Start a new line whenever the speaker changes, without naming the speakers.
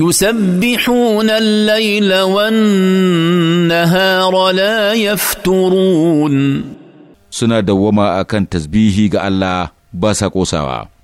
يسبحون الليل والنهار لا يفترون سنة دوما أكن تسبيحي الله
باسا قوساوا